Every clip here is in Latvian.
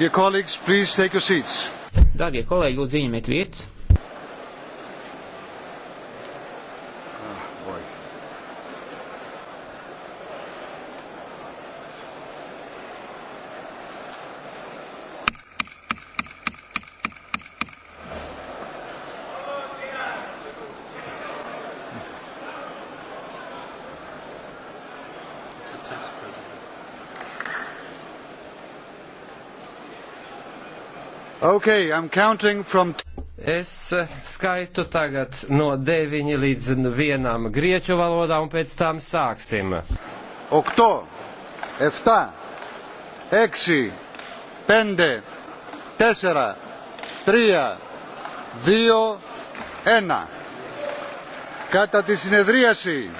Darbie kolēģi, lūdzu, ieņemiet vietas. Okay, from... Es eh, skaitu tagad no 9 līdz 1 grieķu valodā un pēc tam sāksim. 8, 7, 6, 5, 4, 3, 2, 1. Κατά τη συνεδρίαση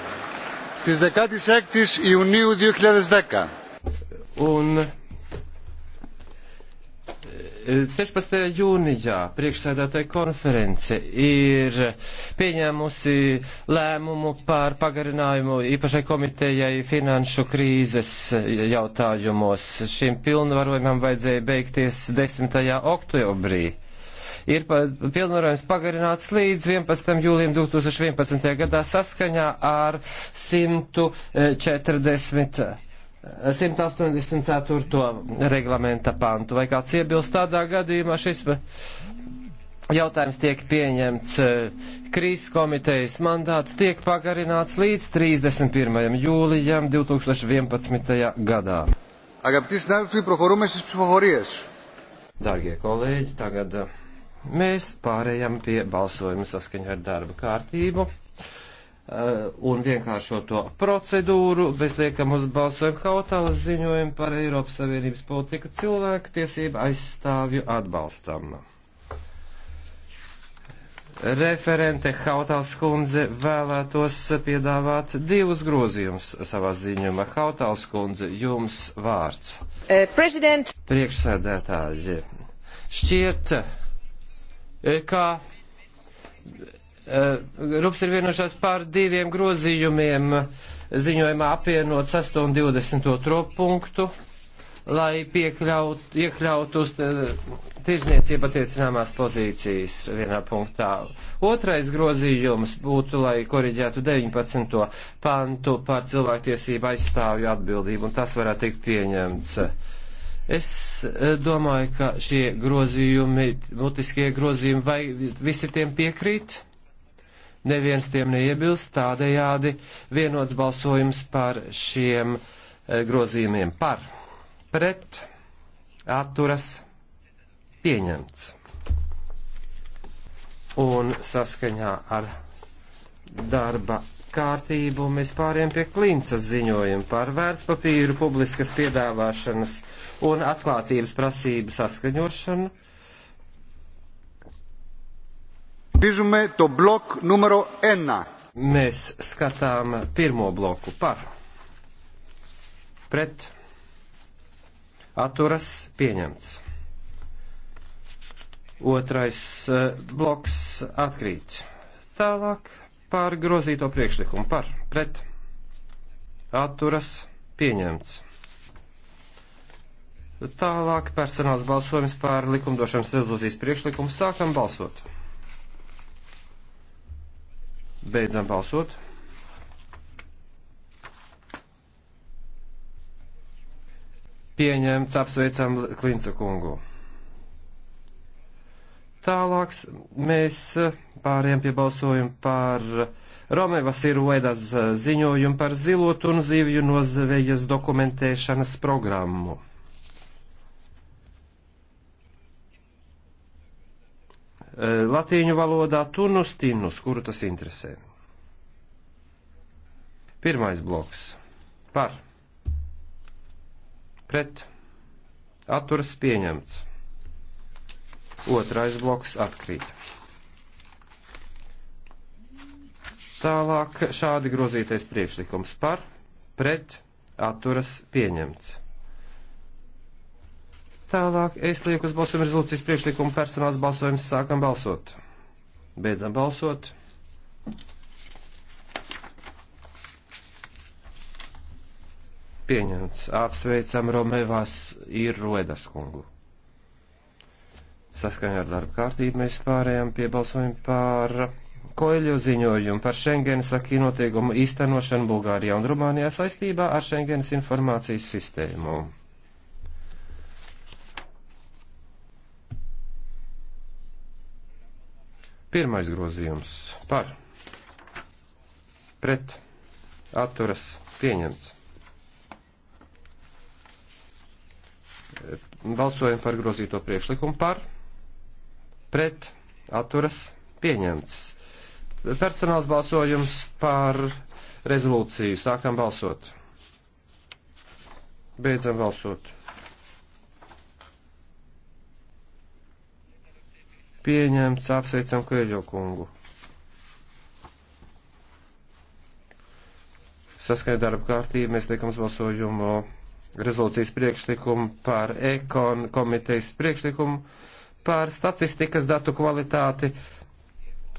της 16ης Ιουνίου 2010. Un 16. jūnijā priekšsēdētāja konference ir pieņēmusi lēmumu par pagarinājumu īpašai komitejai finanšu krīzes jautājumos. Šim pilnvarojumam vajadzēja beigties 10. oktobrī. Ir pilnvarojums pagarināts līdz 11. jūlijam 2011. gadā saskaņā ar 140. 184. reglamenta pantu. Vai kāds iebilst tādā gadījumā šis jautājums tiek pieņemts e, krīzes komitejas mandāts tiek pagarināts līdz 31. jūlijam 2011. gadā. Dārgie kolēģi, tagad e, mēs pārējām pie balsojuma saskaņā ar darba kārtību. Eh, un vienkāršo to procedūru, bez liekam uz balsojumu kautālas ziņojumu par Eiropas Savienības politiku cilvēku tiesību aizstāvju atbalstam. Referente Hautāls kundze vēlētos piedāvāt divus grozījumus savā ziņumā. Hautāls kundze, jums vārds. Eh, president. Priekšsēdētāji, šķiet, eh, kā Grupas eh, ir vienošās pār diviem grozījumiem ziņojumā apvienot 6 un 22 punktu, lai piekļaut, iekļautu uz eh, tirzniecību attiecināmās pozīcijas vienā punktā. Otrais grozījums būtu, lai koriģētu 19. pantu par cilvēktiesību aizstāvju atbildību, un tas varētu tikt pieņemts. Es eh, domāju, ka šie grozījumi, mutiskie grozījumi, vai visi tiem piekrīt? neviens tiem neiebilst, tādējādi vienots balsojums par šiem e, grozījumiem par, pret, atturas, pieņemts. Un saskaņā ar darba kārtību mēs pāriem pie klincas ziņojuma par vērtspapīru publiskas piedāvāšanas un atklātības prasību saskaņošanu. Mēs skatām pirmo bloku par pret atturas pieņemts. Otrais eh, bloks atkrīt. Tālāk par grozīto priekšlikumu par pret atturas pieņemts. Tālāk personāls balsojums par likumdošanas rezolūcijas priekšlikumu sākam balsot. Beidzam balsot. Pieņemts, apsveicam Klinca kungu. Tālāk mēs pāriem pie balsojuma par Romevas ir Uedas ziņojumu par zilotu un zivju nozvejas dokumentēšanas programmu. Eh, latīņu valodā tunus tinus, kuru tas interesē. Pirmais bloks par pret atturas pieņemts. Otrais bloks atkrīt. Tālāk šādi grozītais priekšlikums par pret atturas pieņemts. Tālāk es lieku uz balsojumu rezolūcijas priekšlikumu personāls balsojums. Sākam balsot. Beidzam balsot. Pieņemts. Apsveicam Romevās ir Roedas kungu. Saskaņā ar darba kārtību mēs pārējām pie balsojuma par Koeļo ziņojumu par Schengenas akī noteikumu īstenošanu Bulgārijā un Rumānijā saistībā ar Schengenas informācijas sistēmu. Pirmais grozījums par pret atturas pieņemts. Balsojam par grozīto priekšlikumu par pret atturas pieņemts. Personāls balsojums par rezolūciju. Sākam balsot. Beidzam balsot. Pieņemts, apsveicam Kēļo kungu. Saskaņā darba kārtība mēs liekam uz balsojumu rezolūcijas priekšlikumu par ekon komitejas priekšlikumu par statistikas datu kvalitāti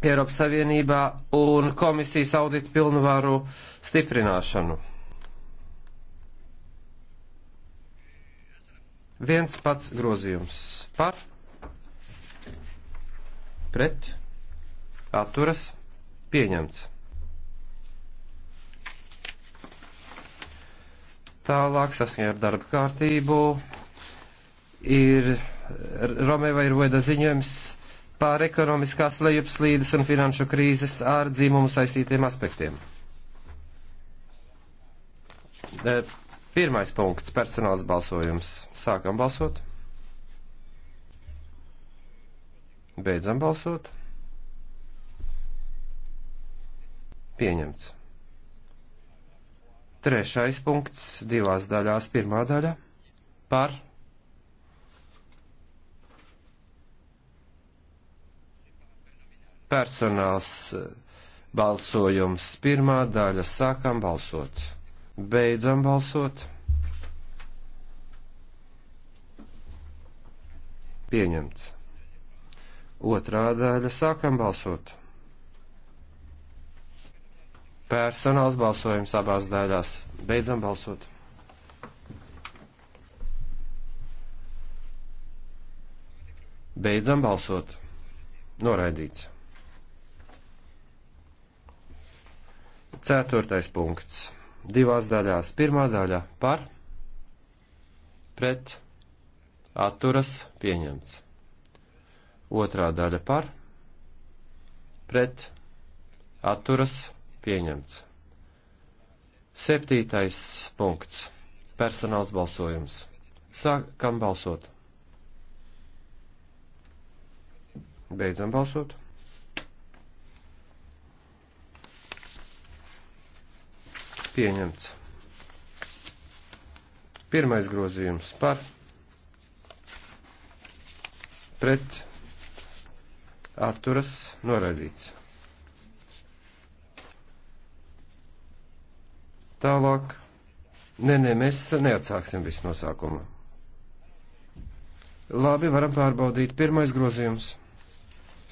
Eiropas Savienībā un komisijas audita pilnvaru stiprināšanu. viens pats grozījums par pret, atturas, pieņemts. Tālāk saskaņā ar darba kārtību ir Romeva ir Voida ziņojums pār ekonomiskās lejupslīdes un finanšu krīzes ar dzīmumu saistītiem aspektiem. Eh, pirmais punkts - personāls balsojums. Sākam balsot. Beidzam balsot. Pieņemts. Trešais punkts divās daļās. Pirmā daļa par. Personāls eh, balsojums. Pirmā daļa sākam balsot. Beidzam balsot. Pieņemts. Otrā daļa sākam balsot. Personāls balsojums abās daļās. Beidzam balsot. Beidzam balsot. Noraidīts. Ceturtais punkts. Divās daļās. Pirmā daļā par, pret, atturas, pieņemts. Otrā daļa par, pret, atturas, pieņemts. Septītais punkts. Personāls balsojums. Sākam balsot. Beidzam balsot. Pieņemts. Pirmais grozījums par pret atturas noraidīts. Tālāk. Nē, nē, mēs neatsāksim visu no sākuma. Labi, varam pārbaudīt. Pirmais grozījums.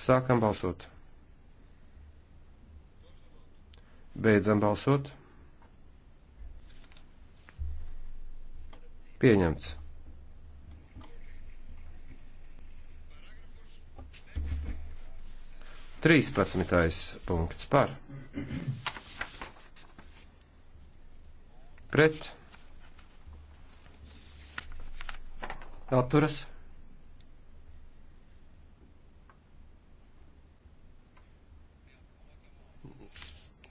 Sākam balsot. Beidzam balsot. Pieņemts. 13. punkts par. Pret. Atturas.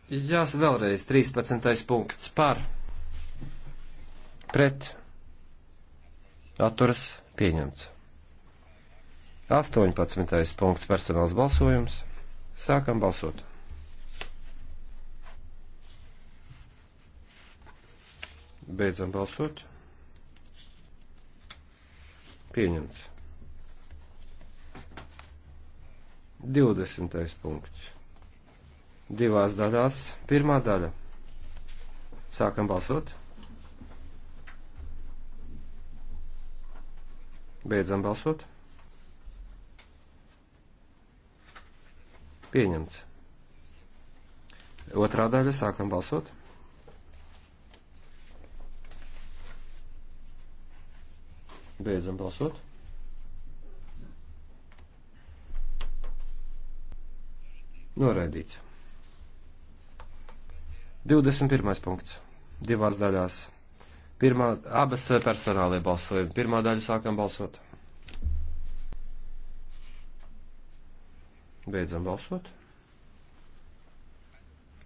Jās vēlreiz 13. punkts par. Pret. Atturas pieņemts. 18. punkts personāls balsojums. Sākam balsot. Beidzam balsot. Pieņemts. 20. punkts. Divās daļās. Pirmā daļa. Sākam balsot. Beidzam balsot. Pieņemts. Otrā daļa sākam balsot. Beidzam balsot. Noraidīts. 21. punkts. Divās daļās. Pirmā, abas personālajā balsojumi. Pirmā daļa sākam balsot. Beidzam balsot.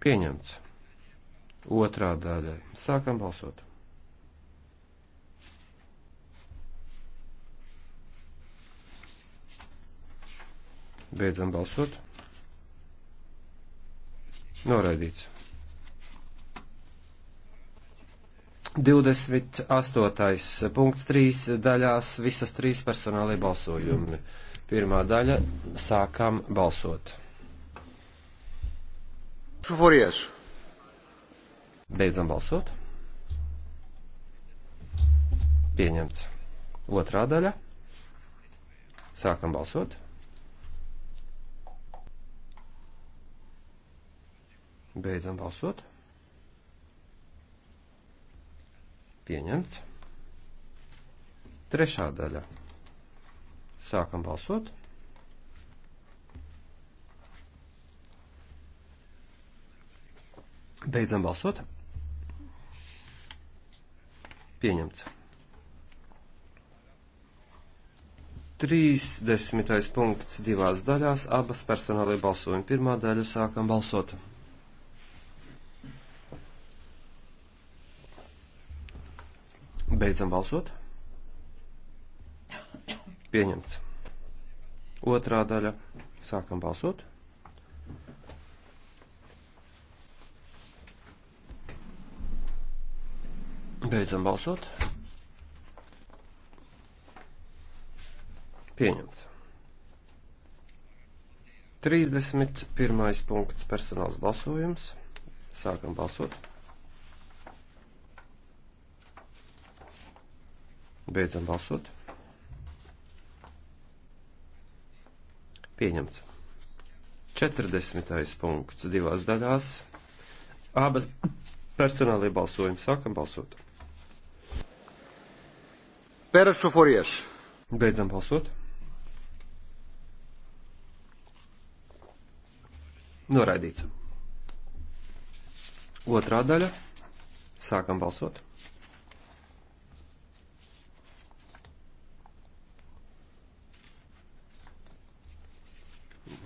Pieņemts. Otrā daļa. Sākam balsot. Beidzam balsot. Noraidīts. 28. punkts 3 daļās visas trīs personālai balsojumi. Mm. Pirmā daļa - sākam balsot. Favorijas. Beidzam balsot. Pieņemts. Otrā daļa. Sākam balsot. Beidzam balsot. Pieņemts. Trešā daļa. Sākam balsot. Beidzam balsot. Pieņemts. 30. punkts divās daļās, abas personālajā balsojuma pirmā daļa sākam balsot. Beidzam balsot. Pieņemts. Otrā daļa. Sākam balsot. Beidzam balsot. Pieņemts. 31. punkts personāls balsojums. Sākam balsot. Beidzam balsot. Pieņemts. 40. punkts divās daļās. Abas personālajā balsojumi sākam balsot. Pēras šoforieši. Beidzam balsot. Noraidīts. Otrā daļa. Sākam balsot.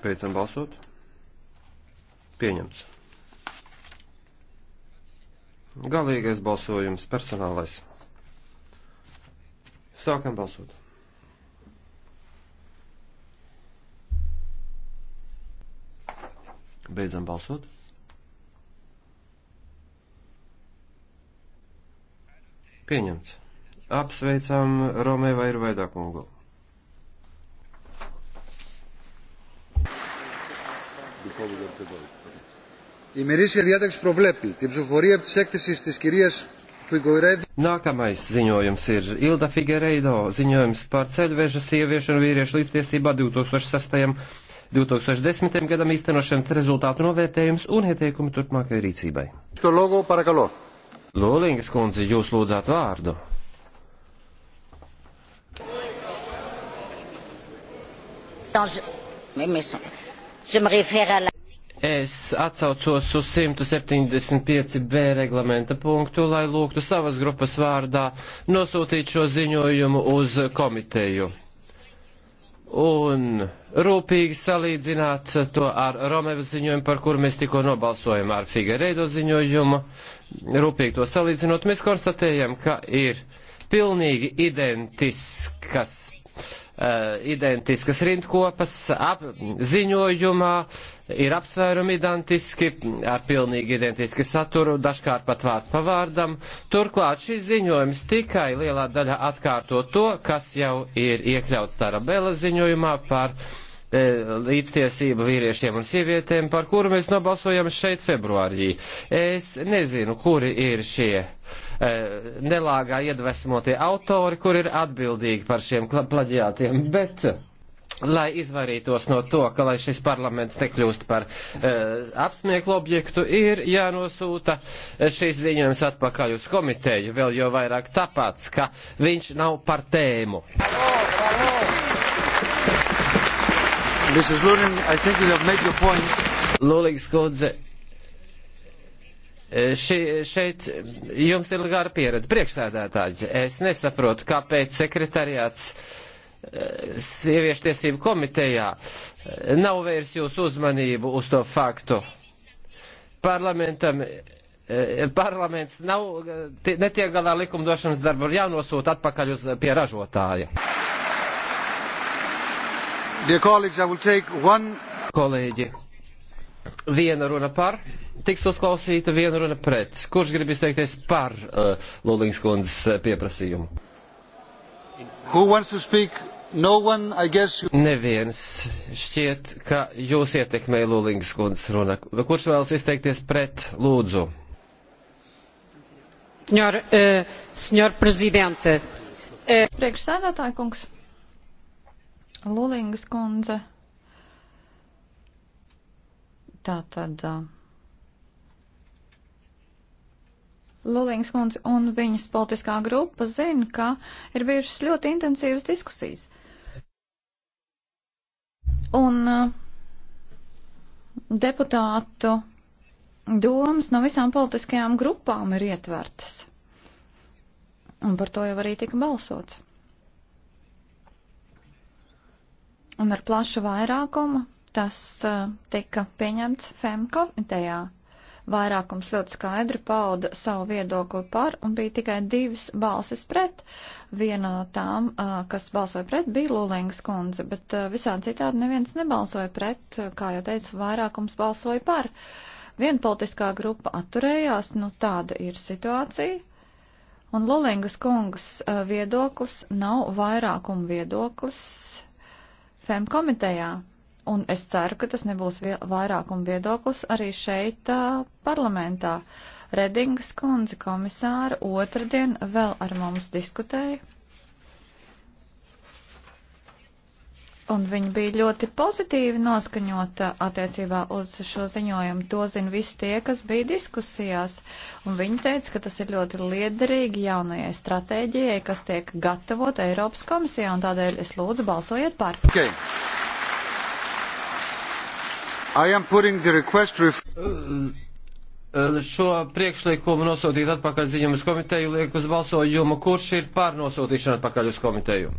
Beidzam balsot. Pieņemts. Galīgais balsojums personālais. Sākam balsot. Beidzam balsot. Pieņemts. Apsveicam Romēva ir vaidā kungu. Η μερίσια διάταξη προβλέπει την ψηφοφορία της έκθεσης της κυρίας Nākamais ziņojums ir Ilda Figueiredo ziņojums par ceļveža sieviešu un vīriešu līdztiesībā 2006. 2010. gadam īstenošanas rezultātu novērtējums un ieteikumi turpmākajai rīcībai. Lūlīngas kundze, jūs lūdzāt vārdu. Dans, mais, mais, Je me réfère à la... Es atsaucos uz 175b reglamenta punktu, lai lūgtu savas grupas vārdā nosūtīt šo ziņojumu uz komiteju un rūpīgi salīdzināt to ar Romevas ziņojumu, par kuru mēs tikko nobalsojam ar Figueiredo ziņojumu. Rūpīgi to salīdzinot, mēs konstatējam, ka ir pilnīgi identiskas Eh, identiskas rindkopas, ap, ziņojumā ir apsvērumi identiski, ar pilnīgi identiski saturu, dažkārt pat vārds pavārdam. Turklāt šis ziņojums tikai lielā daļā atkārto to, kas jau ir iekļauts Tarabela ziņojumā par e, līdztiesību vīriešiem un sievietēm, par kuru mēs nobalsojam šeit februārī. Es nezinu, kuri ir šie uh, Eh, nelāgā iedvesmotie autori, kur ir atbildīgi par šiem plaģiātiem. Bet, lai izvairītos no to, ka lai šis parlaments nekļūst par uh, apsmieklu objektu, ir jānosūta eh, šīs ziņojums atpakaļ uz komiteju, vēl jo vairāk tāpēc, ka viņš nav par tēmu. Mrs. Luling, I think you have made your point. Lulīgs kundze, Ši, šeit jums ir gara pieredze. Priekšsēdētāji, es nesaprotu, kāpēc sekretariāts eh, sieviešu tiesību komitejā eh, nav vērs jūsu uzmanību uz to faktu. Parlamentam, eh, parlaments nav, netiek galā likumdošanas darbu, ir jānosūta atpakaļ uz pie ražotāja. Dear colleagues, I will take one... Kolēģi, viena runa par, tiks uzklausīta viena runa pret. Kurš grib izteikties par uh, eh, Lulīngas kundzes eh, pieprasījumu? No one, you... Neviens šķiet, ka jūs ietekmēja Lulīngas kundzes runa. Kurš vēlas izteikties pret lūdzu? Senor, uh, senor prezidente. Uh... Priekšsēdētāja kungs. Lulīngas kundze Tā tad. Lulīngas kundze un viņas politiskā grupa zina, ka ir bijušas ļoti intensīvas diskusijas. Un uh, deputātu domas no visām politiskajām grupām ir ietvertas. Un par to jau arī tika balsots. Un ar plašu vairākumu Tas uh, tika pieņemts FEM komitejā. Vairākums ļoti skaidri pauda savu viedokli par un bija tikai divas balsis pret. Viena no tām, uh, kas balsoja pret, bija Lulīngas kundze, bet uh, visādi citādi neviens nebalsoja pret, kā jau teicu, vairākums balsoja par. Viena politiskā grupa atturējās, nu tāda ir situācija. Un Lulingas kungas viedoklis nav vairākuma viedoklis FEM komitejā un es ceru, ka tas nebūs vairākuma viedoklis arī šeit uh, parlamentā. Redingas kundze komisāra otrdien vēl ar mums diskutēja. Un viņi bija ļoti pozitīvi noskaņota attiecībā uz šo ziņojumu. To zina visi tie, kas bija diskusijās. Un viņi teica, ka tas ir ļoti liederīgi jaunajai stratēģijai, kas tiek gatavot Eiropas komisijā. Un tādēļ es lūdzu balsojiet par. Okay. Šo priekšlikumu nosūtīt atpakaļ ziņam uz komiteju liek uz balsojumu. Kurš ir pār nosūtīšanu atpakaļ uz komiteju?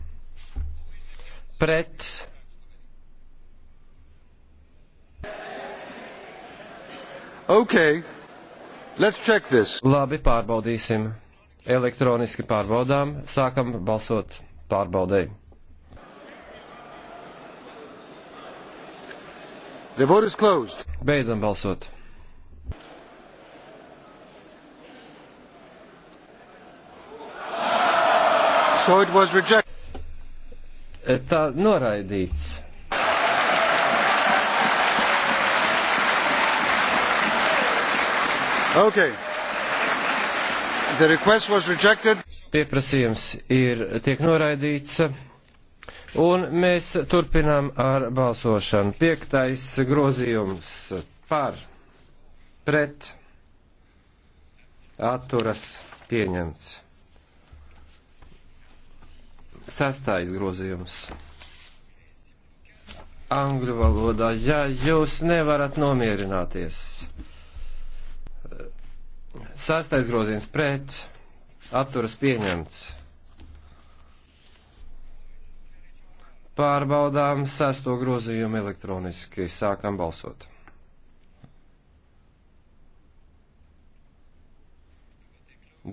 Pret. Okay. Let's check this. Labi, pārbaudīsim. Elektroniski pārbaudām. Sākam balsot pārbaudēji. The vote is closed. Beidzam balsot. So it was rejected. Tā noraidīts. Okay. The request was rejected. Pieprasījums ir tiek noraidīts. Un mēs turpinām ar balsošanu. Piektais grozījums par, pret, atturas pieņemts. Sastais grozījums angļu valodā, ja jūs nevarat nomierināties. Sastais grozījums pret, atturas pieņemts. Pārbaudām sesto grozījumu elektroniski. Sākam balsot.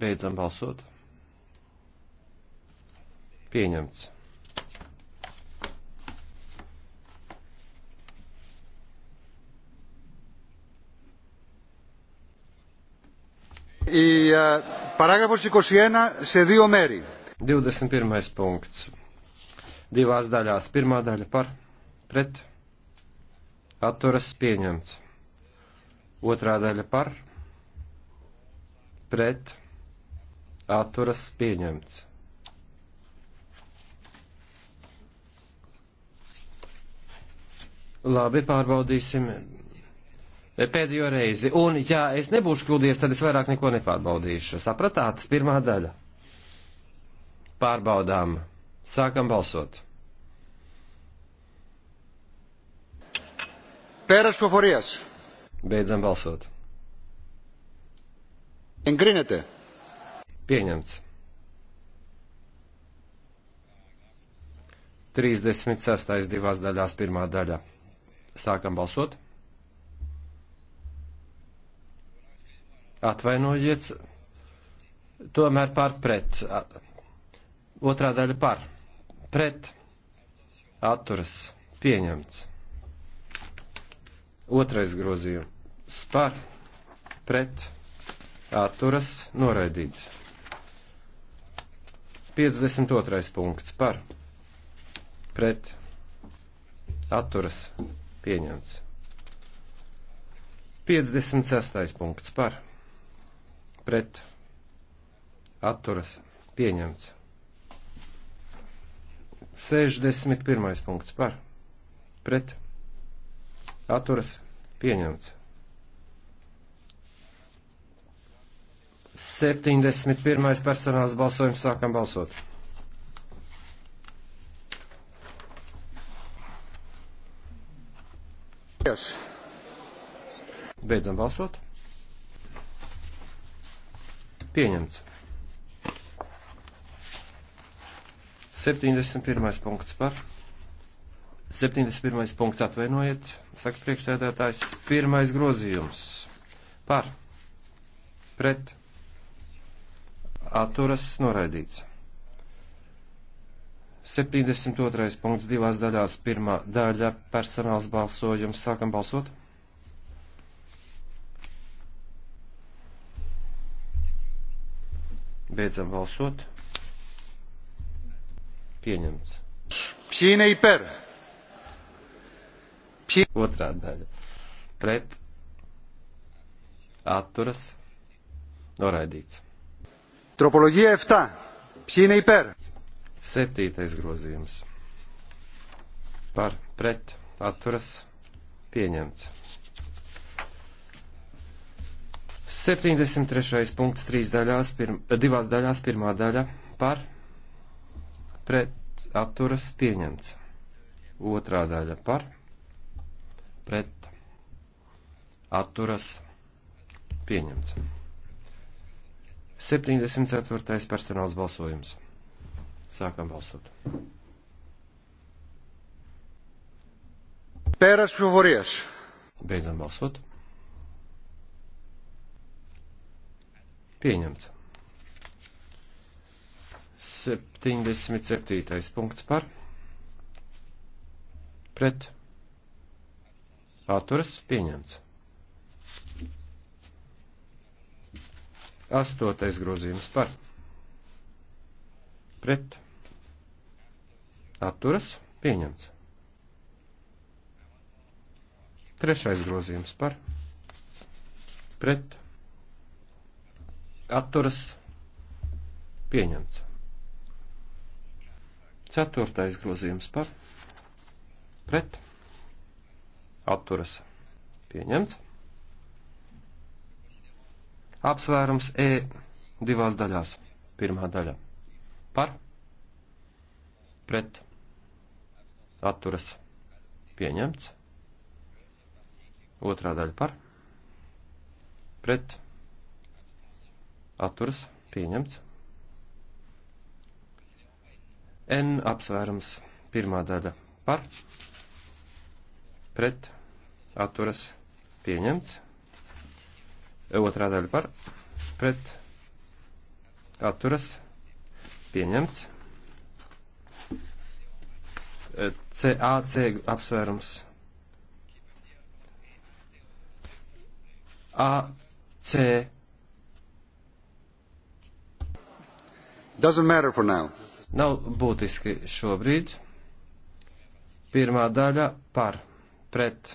Beidzam balsot. Pieņemts. Η παράγραφος 21 σε δύο μέρη. 21 punkts divās daļās. Pirmā daļa par pret atturas pieņemts. Otrā daļa par pret atturas pieņemts. Labi, pārbaudīsim pēdējo reizi. Un, ja es nebūšu kļūdījies, tad es vairāk neko nepārbaudīšu. Sapratāt? Pirmā daļa. Pārbaudām. Sākam balsot. Pēras foforijas. Beidzam balsot. Engrinete. Pieņemts. 36. divās daļās pirmā daļa. Sākam balsot. Atvainojiet, tomēr par pret. Otrā daļa par. Pret. Atturas. Pieņemts. Otrais grozījums par, pret, atturas, noraidīts. 52. punkts par, pret, atturas, pieņemts. 56. punkts par, pret, atturas, pieņemts. 61. punkts par, pret, atturas, pieņemts atturas pieņemts. 71. personāls balsojums sākam balsot. Yes. Beidzam balsot. Pieņemts. 71. punkts par. 71. punkts atvainojiet, saka priekšsēdētājs, pirmais grozījums par, pret, atturas noraidīts. 72. punkts divās daļās, pirmā daļa personāls balsojums, sākam balsot. Beidzam balsot. Pieņemts. Pienei per. Pie... Otrā daļa. Pret. Atturas. Noraidīts. Tropoloģija F. Pjīna Iper. Septītais grozījums. Par. Pret. Atturas. Pieņemts. 73. punkts trīs daļās, pirm, divās daļās, pirmā daļa par pret atturas pieņemts, otrā daļa par pret atturas pieņemts. 74. personāls balsojums. Sākam balsot. Pēras Favorijas. Beidzam balsot. Pieņemts. 77. punkts par pret Atturas pieņemts. Astotais grozījums par. Pret. Atturas pieņemts. Trešais grozījums par. Pret. Atturas pieņemts. Ceturtais grozījums par. Pret atturas pieņemts. Apsvērums E divās daļās. Pirmā daļa par, pret, atturas pieņemts. Otrā daļa par, pret, atturas pieņemts. N apsvērums pirmā daļa par, pret pret atturas pieņemts. E, otrā daļa par pret atturas pieņemts. CAC e, apsvērums. AC. Doesn't matter for now. Nav būtiski šobrīd. Pirmā daļa par pret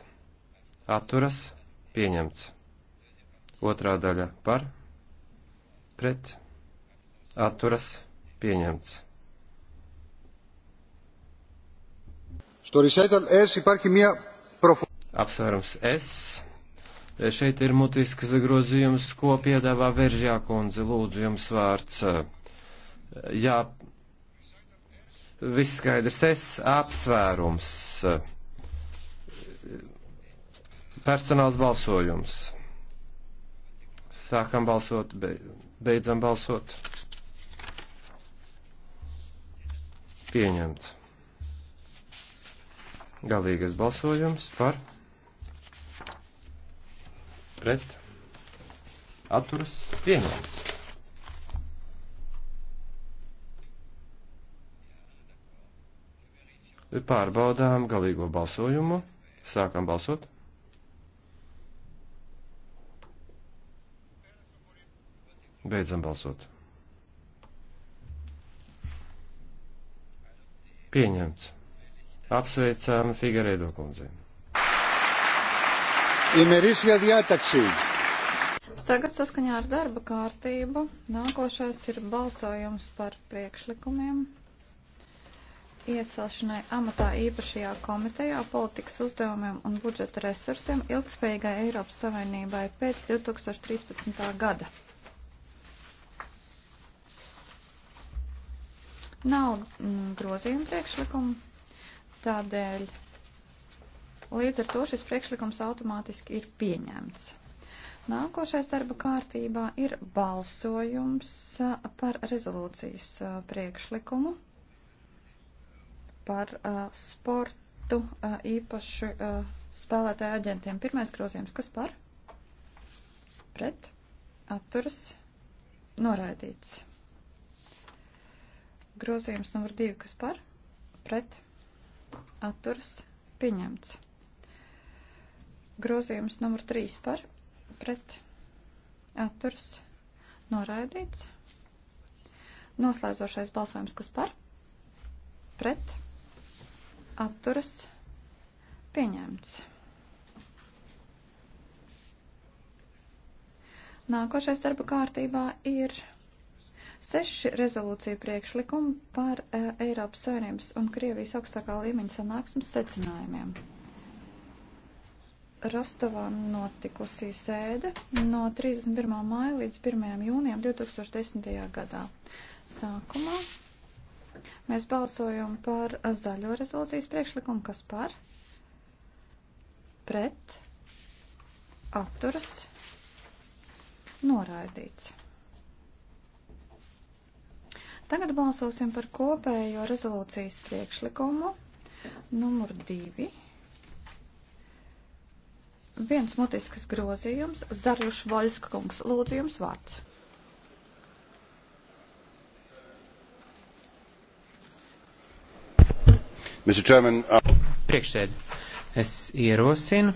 atturas pieņemts. Otrā daļa par pret atturas pieņemts. Apsvērums S. Šeit ir mutisks grozījums, ko piedāvā Veržjā kundze. Lūdzu, jums vārds. Jā, viss skaidrs. S apsvērums. Personāls balsojums. Sākam balsot, beidzam balsot. Pieņemts. Galīgais balsojums par pret atturas pieņemts. Pārbaudām galīgo balsojumu. Sākam balsot. Beidzam balsot. Pieņemts. Apsveicām Figaredo kundzi. Imerīsija diataksī. Tagad saskaņā ar darba kārtību nākošais ir balsojums par priekšlikumiem iecelšanai amatā īpašajā komitejā politikas uzdevumiem un budžeta resursiem ilgspējīgai Eiropas Savienībai pēc 2013. gada. Nav mm, grozījuma priekšlikumu, tādēļ līdz ar to šis priekšlikums automātiski ir pieņemts. Nākošais darba kārtībā ir balsojums par rezolūcijas priekšlikumu par sportu īpaši spēlētāju aģentiem. Pirmais grozījums, kas par? Pret? Atturas? Noraidīts. Grozījums numur 2, kas par, pret, atturas, pieņemts. Grozījums numur 3 par, pret, atturas, noraidīts. Noslēdzošais balsojums, kas par, pret, atturas, pieņemts. Nākošais darba kārtībā ir Seši rezolūcija priekšlikumi par e, Eiropas Savienības un Krievijas augstākā līmeņa sanāksmes secinājumiem. Rostovā notikusī sēde no 31. māja līdz 1. jūnijam 2010. gadā. Sākumā mēs balsojam par zaļo rezolūcijas priekšlikumu, kas par, pret, atturas, noraidīts. Tagad balsosim par kopējo rezolūcijas priekšlikumu numur divi. Viens mutiskas grozījums, Zarjuš Voļskungs, lūdzu jums vārds. Uh, Priekšsēd, es ierosinu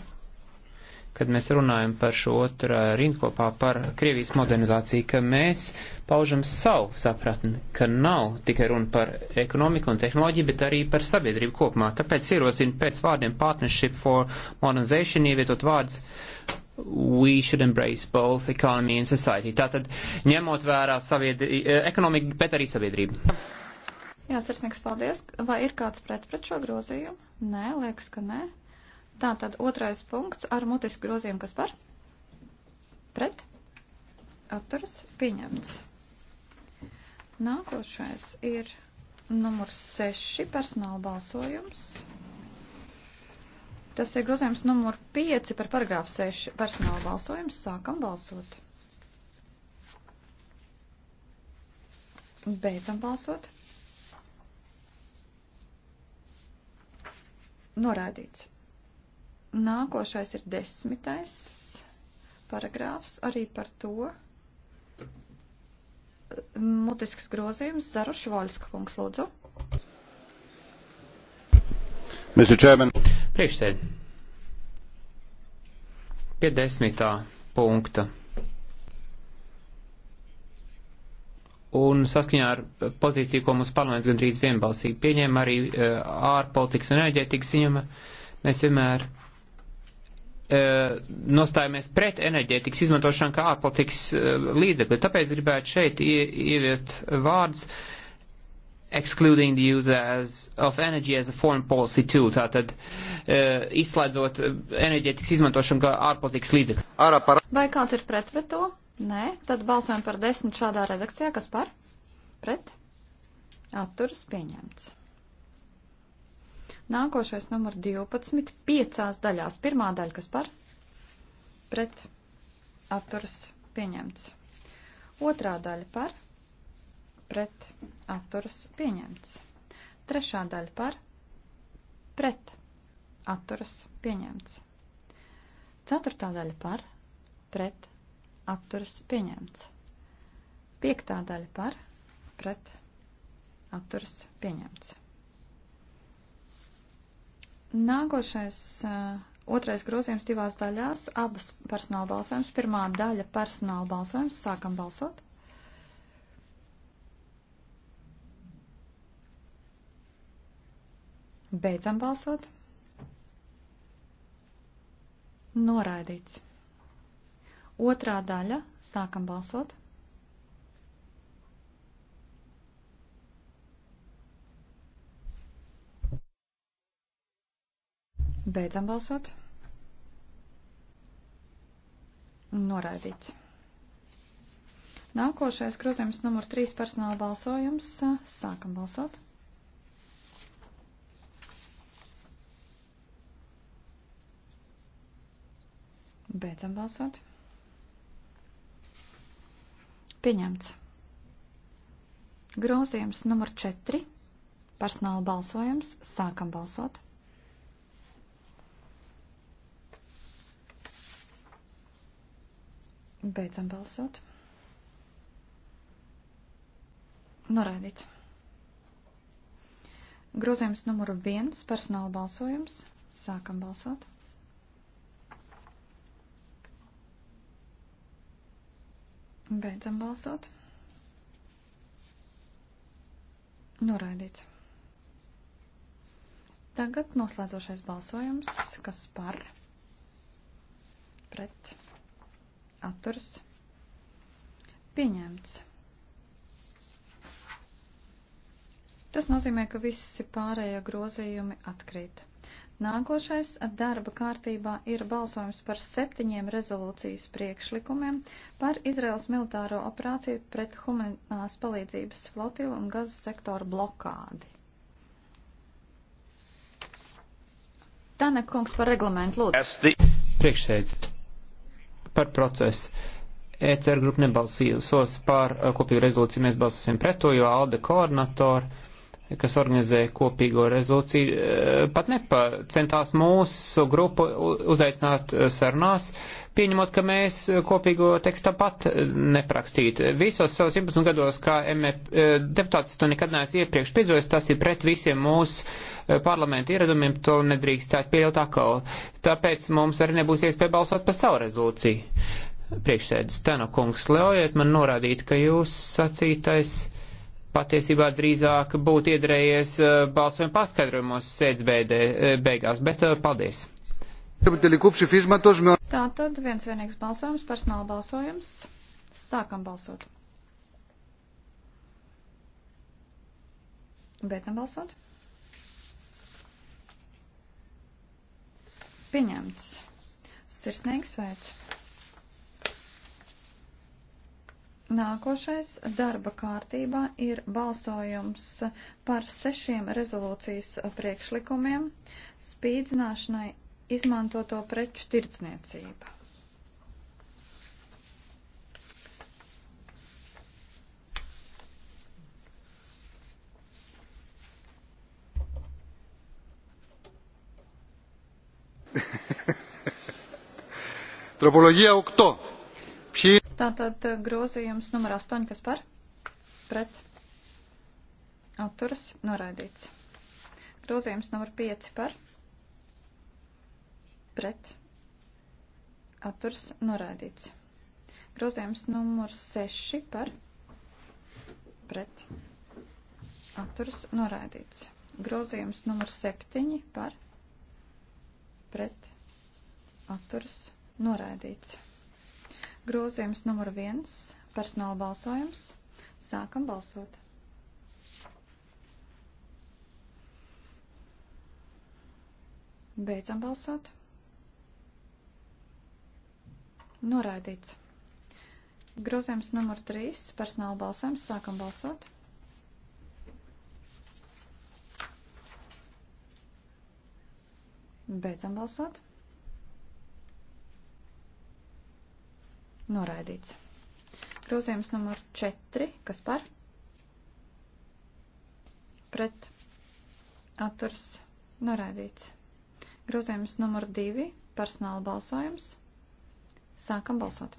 kad mēs runājam par šo otrā rindkopā par Krievijas modernizāciju, ka mēs paužam savu sapratni, ka nav tikai runa par ekonomiku un tehnoloģiju, bet arī par sabiedrību kopumā. Tāpēc ierosinu pēc vārdiem Partnership for Modernization ievietot vārds we should embrace both economy and society. Tātad ņemot vērā saviedri, eh, ekonomiku, bet arī sabiedrību. Jā, sirsnīgs paldies. Vai ir kāds pret pret šo grozījumu? Nē, liekas, ka nē. Tātad otrais punkts ar mutisku grozījumu, kas par? Pret? Atturas pieņemts. Nākošais ir numurs 6 personāla balsojums. Tas ir grozījums numur 5 par paragrāfu 6 personāla balsojums. Sākam balsot. Beidzam balsot. Norādīts. Nākošais ir desmitais paragrāfs arī par to. Mutisks grozījums Zarušu Vaļska kungs lūdzu. Mr. Chairman. Priekšsēd. Pie desmitā punkta. Un saskaņā ar pozīciju, ko mums parlaments gandrīz vienbalsīgi pieņēma, arī eh, ārpolitikas un enerģētikas ziņā mēs vienmēr uh, E, nostājamies pret enerģētikas izmantošanu kā ārpolitikas e, līdzekli. Tāpēc gribētu šeit ieviest vārdus excluding the use as, of energy as a foreign policy tool, tātad uh, izslēdzot enerģētikas izmantošanu kā ārpolitikas līdzekli. Vai kāds ir pret pret to? Nē, tad balsojam par desmit šādā redakcijā, kas par? Pret? Atturas pieņemts. Nākošais numur 12, piecās daļās. Pirmā daļa, kas par? Pret. Atturas pieņemts. Otrā daļa par? Pret. Atturas pieņemts. Trešā daļa par? Pret. Atturas pieņemts. Ceturtā daļa par? Pret. Atturas pieņemts. Piektā daļa par? Pret. Atturas pieņemts. Nākošais uh, otrais grozījums divās daļās, abas personāla balsojums. Pirmā daļa personāla balsojums, sākam balsot. Beidzam balsot. Noraidīts. Otrā daļa, sākam balsot. Beidzam balsot. Noraidīts. Nākošais grozījums numur 3 personāla balsojums. Sākam balsot. Beidzam balsot. Pieņemts. Grozījums numur 4. Personāla balsojums. Sākam balsot. Beidzam balsot. Norādīts. Grozījums numuru viens - personāla balsojums. Sākam balsot. Beidzam balsot. Noraidīts. Tagad noslēdzošais balsojums, kas par pret atturas pieņemts. Tas nozīmē, ka visi pārējie grozījumi atkrīt. Nākošais darba kārtībā ir balsojums par septiņiem rezolūcijas priekšlikumiem par Izraels militāro operāciju pret humanās palīdzības flotilu un gazas sektoru blokādi. Tanek kungs par reglamentu lūdzu. Priekšsēdētāji par procesu. ECR grupa nebalsīsos par uh, kopīgu rezolūciju, mēs balsosim pret to, jo ALDE koordinatori, kas organizē kopīgo rezolūciju, uh, pat nepa centās mūsu grupu uzaicināt uh, sarunās, pieņemot, ka mēs kopīgo tekstu pat neprakstītu. Visos savos 11 gados, kā MF, e deputāts to nekad neesmu iepriekš piedzojis, tas ir pret visiem mūsu Eh, parlamentu ieradumiem, to nedrīkst tā pieļaut atkal. Tāpēc mums arī nebūs iespēja balsot par savu rezolūciju. Priekšsēdis Tenokungs, ļaujiet man norādīt, ka jūs sacītais patiesībā drīzāk būtu iedarējies eh, balsojuma paskaidrojumos sēdzbēdē eh, beigās, bet paldies. Tā tad viens vienīgs balsojums, personāla balsojums. Sākam balsot. Beidzam balsot. Pieņemts. Sirsnīgs veids. Nākošais darba kārtībā ir balsojums par sešiem rezolūcijas priekšlikumiem spīdzināšanai izmantoto preču tirdzniecību. Tropoloģija 8. Pie... Tātad eh, grozījums numur 8, kas par? Pret. Atturas noraidīts. Grozījums numur 5 par? Pret. Atturas noraidīts. Grozījums numur 6 par? Pret. Atturas noraidīts. Grozījums numur 7 par? pret atturas noraidīts. Grozījums numur viens - personāla balsojums. Sākam balsot. Beidzam balsot. Noraidīts. Grozījums numur 3 - personāla balsojums. Sākam balsot. Beidzam balsot. Noraidīts. Grozījums numur 4. Kas par? Pret. Atturs. Noraidīts. Grozījums numur 2. Personāla balsojums. Sākam balsot.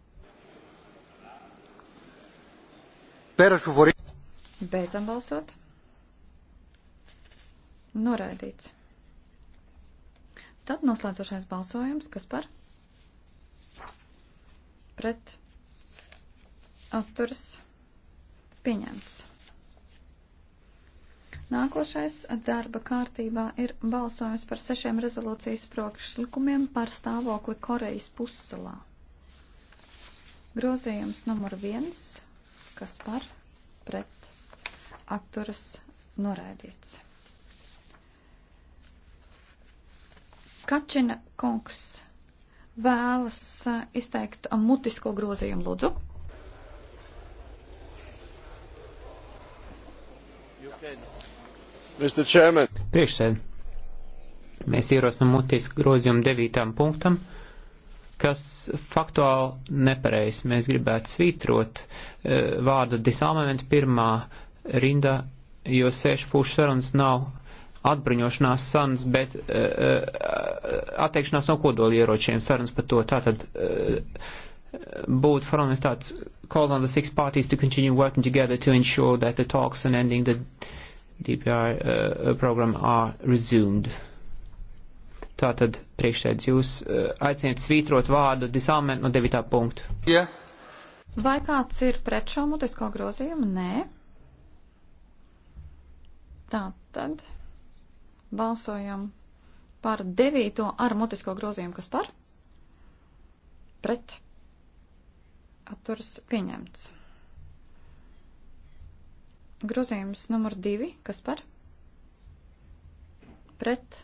Pērašu vorī. Beidzam balsot. Noraidīts. Tad noslēdzošais balsojums, kas par? Pret. Atturas. Pieņemts. Nākošais darba kārtībā ir balsojums par sešiem rezolūcijas priekšlikumiem par stāvokli Korejas pussalā. Grozījums numur viens, kas par pret atturas norēdīts. Kačina kungs vēlas uh, izteikt mutisko grozījumu lūdzu. Priekšsēd. Mēs ierosinām mutisku grozījumu devītām punktam, kas faktuāli nepareiz. Mēs gribētu svītrot uh, vārdu disarmament pirmā rinda, jo sešu pušu sarunas nav atbruņošanās sarunas, bet uh, atteikšanās no kodolieročiem sarunas par to. Tātad uh, both foreign states calls on the six parties to continue working together to ensure that the talks and ending the DPR uh, eh, program are resumed. Tātad, priekšsēdz, jūs uh, aiciniet svītrot vārdu disarmament no 9. punktu. Yeah. Vai kāds ir pret šo mutisko grozījumu? Nē. Tātad. Balsojam par devīto ar mutisko grozījumu, kas par? Pret. Atturs pieņemts. Grozījums numur divi, kas par? Pret.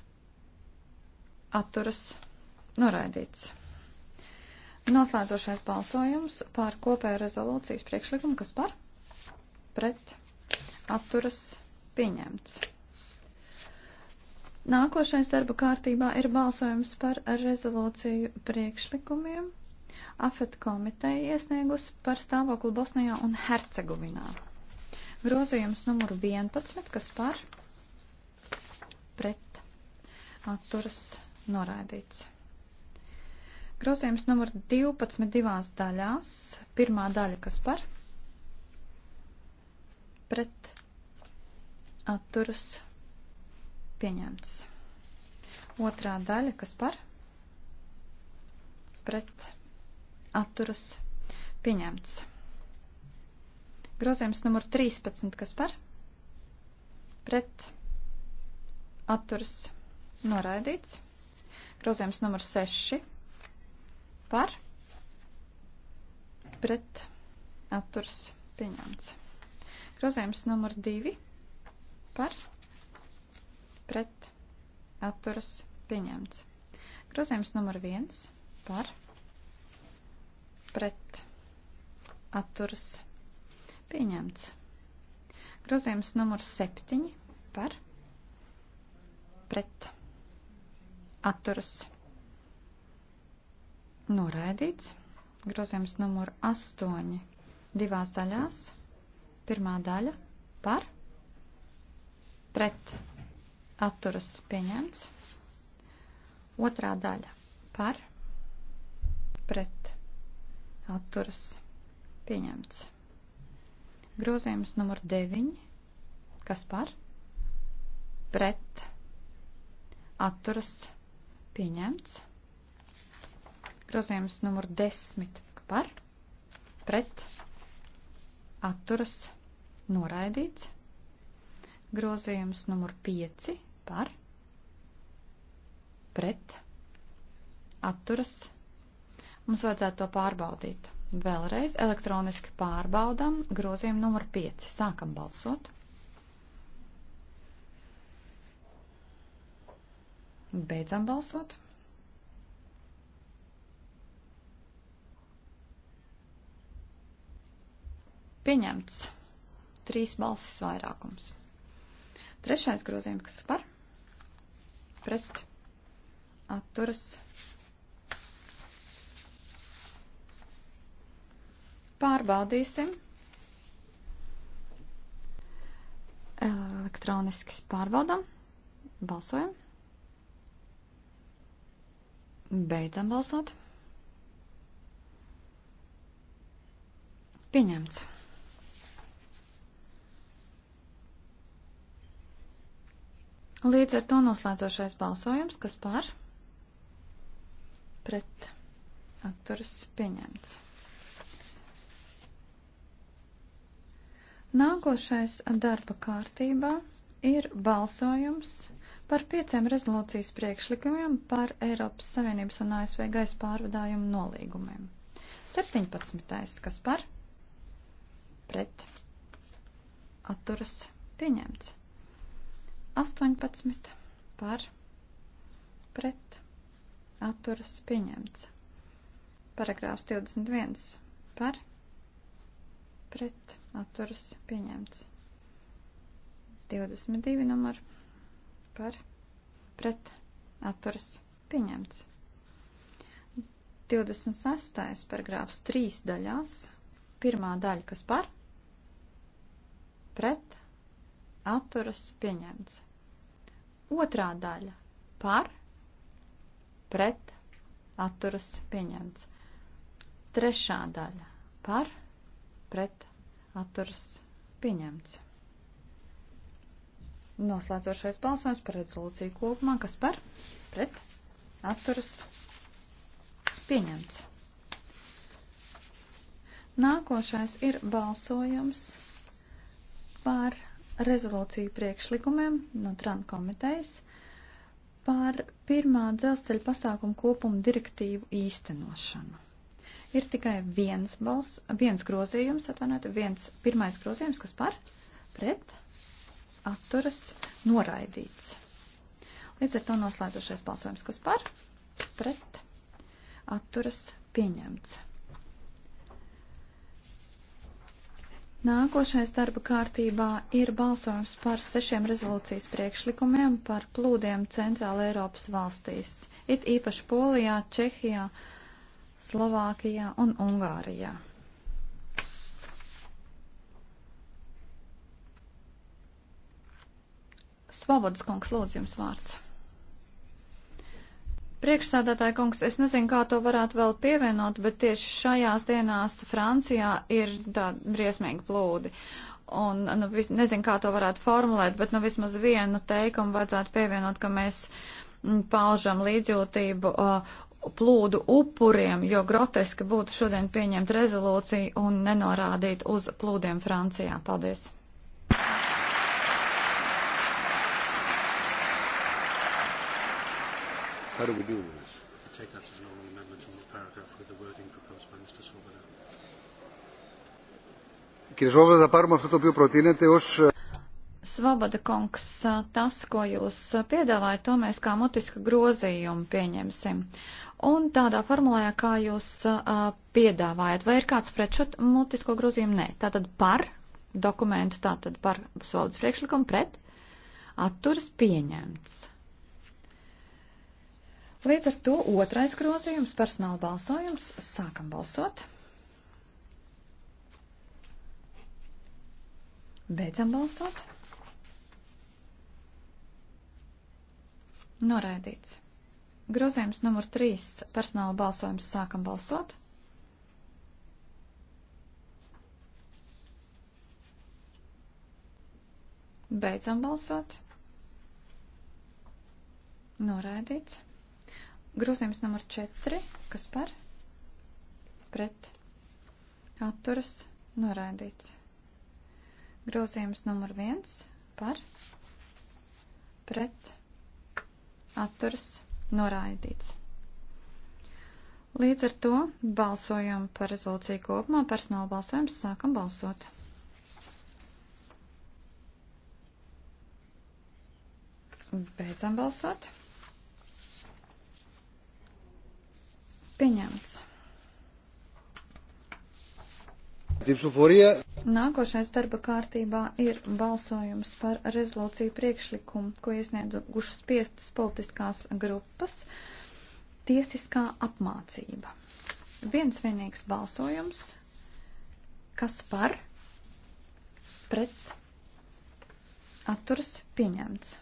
Atturas noraidīts. Noslēdzošais balsojums par kopēju rezolūcijas priekšlikumu, kas par? Pret. Atturas pieņemts. Nākošais darba kārtībā ir balsojums par rezolūciju priekšlikumiem. AFET komiteja iesniegus par stāvokli Bosnijā un Hercegovinā. Grozījums numuru 11, kas par pret atturas noraidīts. Grozījums numur 12 divās daļās. Pirmā daļa, kas par pret atturas noraidīts Pieņemts. Otrā daļa, kas par? Pret. Atturas. Pieņemts. Grozījums numur 13, kas par? Pret. Atturas. Noraidīts. Grozījums numur 6 par pret atturs pieņemts. Grozījums numur 2 par pret atturas pieņemts. Grozījums numur viens par pret atturas pieņemts. Grozījums numur septiņi par pret atturas noraidīts. Grozījums numur astoņi divās daļās. Pirmā daļa par pret atturas atturas pieņemts. Otrā daļa par, pret, atturas pieņemts. Grozījums numur 9. Kas par? Pret, atturas pieņemts. Grozījums numur 10. Par, pret, atturas noraidīts grozījums numur 5 par, pret, atturas. Mums vajadzētu to pārbaudīt. Vēlreiz elektroniski pārbaudam grozījumu numur 5. Sākam balsot. Beidzam balsot. Pieņemts. Trīs balsis vairākums. Trešais grozījums, kas par? pret atturas pārbaudīsim. Elektroniski pārbaudam, balsojam. Beidzam balsot. Pieņemts. Līdz ar to noslēdzošais balsojums, kas par pret atturas pieņemts. Nākošais darba kārtībā ir balsojums par pieciem rezolūcijas priekšlikumiem par Eiropas Savienības un ASV gaisa pārvadājumu nolīgumiem. 17. kas par? Pret. Atturas pieņemts. 18 par pret atturas pieņemts. Paragrāfs 21 par pret atturas pieņemts. 22 numur par pret atturas pieņemts. 26. paragrāfs 3 daļās. Pirmā daļa, kas par pret atturas pieņemts. Otrā daļa par, pret, atturas pieņemts. Trešā daļa par, pret, atturas pieņemts. Noslēdzošais balsojums par rezolūciju kopumā, kas par, pret, atturas pieņemts. Nākošais ir balsojums par rezolūciju priekšlikumiem no TRAN komitejas par pirmā dzelzceļa pasākumu kopumu direktīvu īstenošanu. Ir tikai viens balss, viens grozījums, atvainojiet, viens pirmais grozījums, kas par pret atturas noraidīts. Līdz ar to noslēdzošais balsojums, kas par pret atturas pieņemts. Nākošais darba kārtībā ir balsojums par sešiem rezolūcijas priekšlikumiem par plūdiem Centrāla Eiropas valstīs, it īpaši Polijā, Čehijā, Slovākijā un Ungārijā. Svobodas kungs, lūdzu jums vārds. Priekšstādātāja kungs, es nezinu, kā to varētu vēl pievienot, bet tieši šajās dienās Francijā ir tā briesmīga plūdi. Un nu, nezinu, kā to varētu formulēt, bet nu, vismaz vienu teikumu vajadzētu pievienot, ka mēs mm, paužam līdzjūtību uh, plūdu upuriem, jo groteski būtu šodien pieņemt rezolūciju un nenorādīt uz plūdiem Francijā. Paldies! How do we deal with this? I take that as an oral amendment on the paragraph with the wording proposed by Mr. Swoboda. Κύριε Σόβολα, θα πάρουμε αυτό το οποίο προτείνεται ως... Svoboda kungs, tas, ko jūs piedāvājat, to mēs kā mutisku grozījumu pieņemsim. Un tādā formulējā, kā jūs uh, piedāvājat, vai ir kāds pret šo mutisko grozījumu? Nē. Tātad par dokumentu, tātad par svobodas priekšlikumu pret atturas pieņemts. Līdz ar to otrais grozījums, personāla balsojums, sākam balsot. Beidzam balsot. Noraidīts. Grozījums numur 3. Personāla balsojums sākam balsot. Beidzam balsot. Noraidīts. Grozījums numur 4, kas par pret atturas noraidīts. Grozījums numur 1 par pret atturas noraidīts. Līdz ar to balsojam par rezolūciju kopumā, personāla balsojums sākam balsot. Beidzam balsot. Pieņemts. Nākošais darba kārtībā ir balsojums par rezolūciju priekšlikumu, ko iesniedzušas piecas politiskās grupas - tiesiskā apmācība. Viens vienīgs balsojums, kas par pret atturas pieņemts.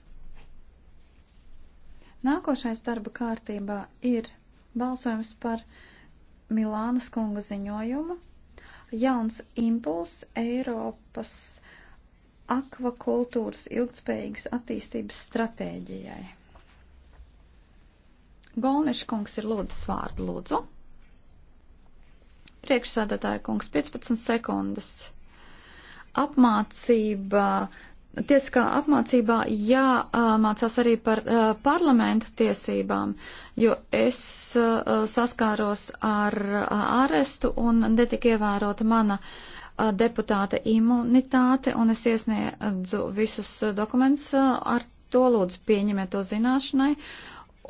Nākošais darba kārtībā ir balsojums par Milānas kunga ziņojumu. Jauns impuls Eiropas akvakultūras ilgspējīgas attīstības stratēģijai. Golniša kungs ir lūdzis vārdu lūdzu. Priekšsādātāja kungs 15 sekundes. Apmācība uh, tiesiskā apmācībā jāmācās arī par uh, parlamenta tiesībām, jo es uh, saskāros ar uh, arestu un netika ievērota mana uh, deputāta imunitāte, un es iesniedzu visus uh, dokumentus uh, ar to lūdzu pieņemiet to zināšanai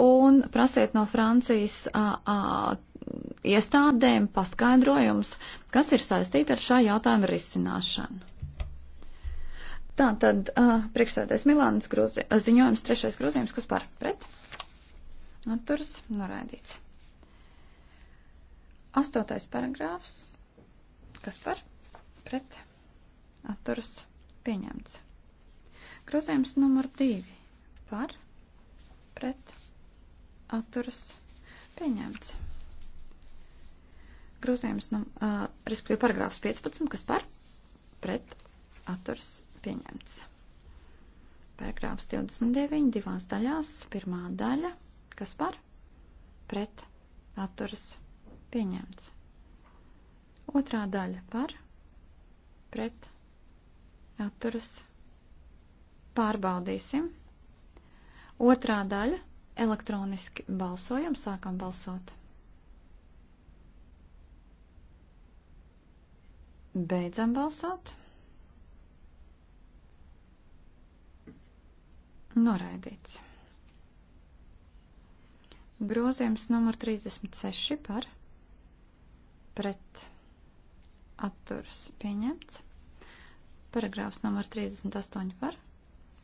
un prasiet no Francijas uh, uh, iestādēm paskaidrojums, kas ir saistīti ar šā jautājuma risināšanu. Tā tad uh, priekšsēdēs Milānas grozi, ziņojums, trešais grozījums, kas par pret. Atturs norādīts. Astotais paragrāfs, kas par pret. Atturs pieņemts. Grozījums numur divi par pret. Atturs pieņemts. Grozījums, num, uh, respektīvi paragrāfs 15, kas par pret. Atturs pieņemts pieņemts. Paragrāfs 29 divās daļās. Pirmā daļa, kas par pret atturas pieņemts. Otrā daļa par pret atturas pārbaudīsim. Otrā daļa elektroniski balsojam, sākam balsot. Beidzam balsot. Noraidīts. Grozījums numur 36 par pret atturs pieņemts. Paragrāfs numur 38 par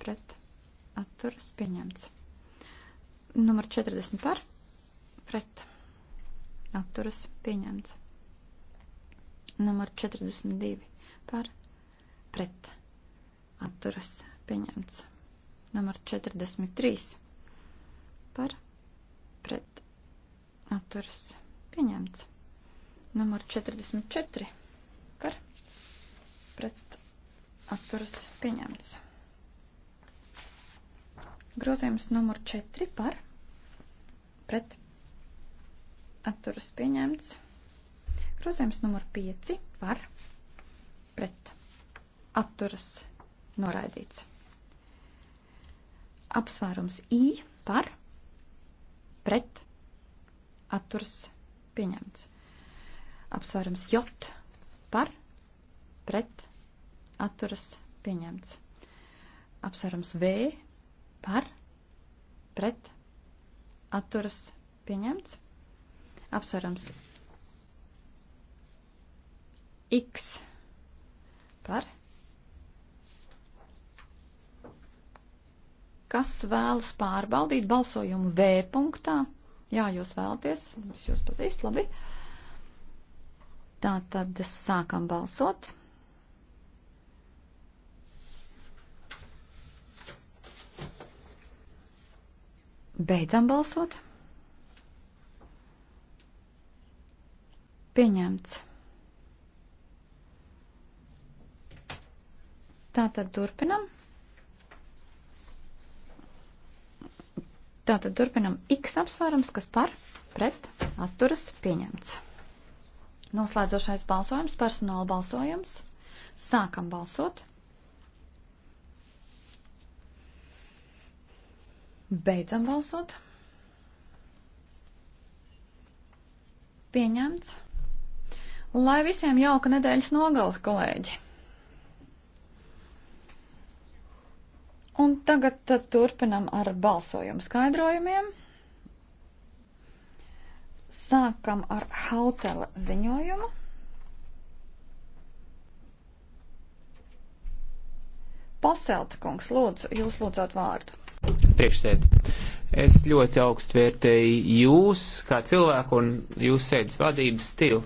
pret atturs pieņemts. Numur 40 par pret atturs pieņemts. Numur 42 par pret atturas pieņemts numur 43 par pret atturas pieņemts. Numur 44 par pret atturas pieņemts. Grozījums numur 4 par pret atturas pieņemts. Grozījums numur 5 par pret atturas noraidīts. Apsvērums I par pret atturs pieņemts. Apsvērums J par pret atturs pieņemts. Apsvērums V par pret atturs pieņemts. Apsvērums X par kas vēlas pārbaudīt balsojumu V punktā. Jā, jūs vēlaties, es jūs pazīst labi. Tā tad sākam balsot. Beidzam balsot. Pieņemts. Tā tad turpinam. Tātad turpinam x apsvērums, kas par pret atturas pieņemts. Noslēdzošais balsojums, personāla balsojums. Sākam balsot. Beidzam balsot. Pieņemts. Lai visiem jauka nedēļas nogala, kolēģi! Un tagad turpinam ar balsojumu skaidrojumiem. Sākam ar Hautela ziņojumu. Paselt, kungs, lūdzu, jūs lūdzāt vārdu. Priekšsēd, es ļoti augstu vērtēju jūs kā cilvēku un jūs sēdes vadības stilu e,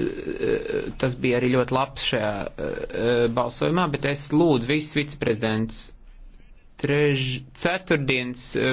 e, tas bija arī ļoti labs šajā e, balsojumā, bet es lūdzu visus viceprezidents trež, ceturtdienas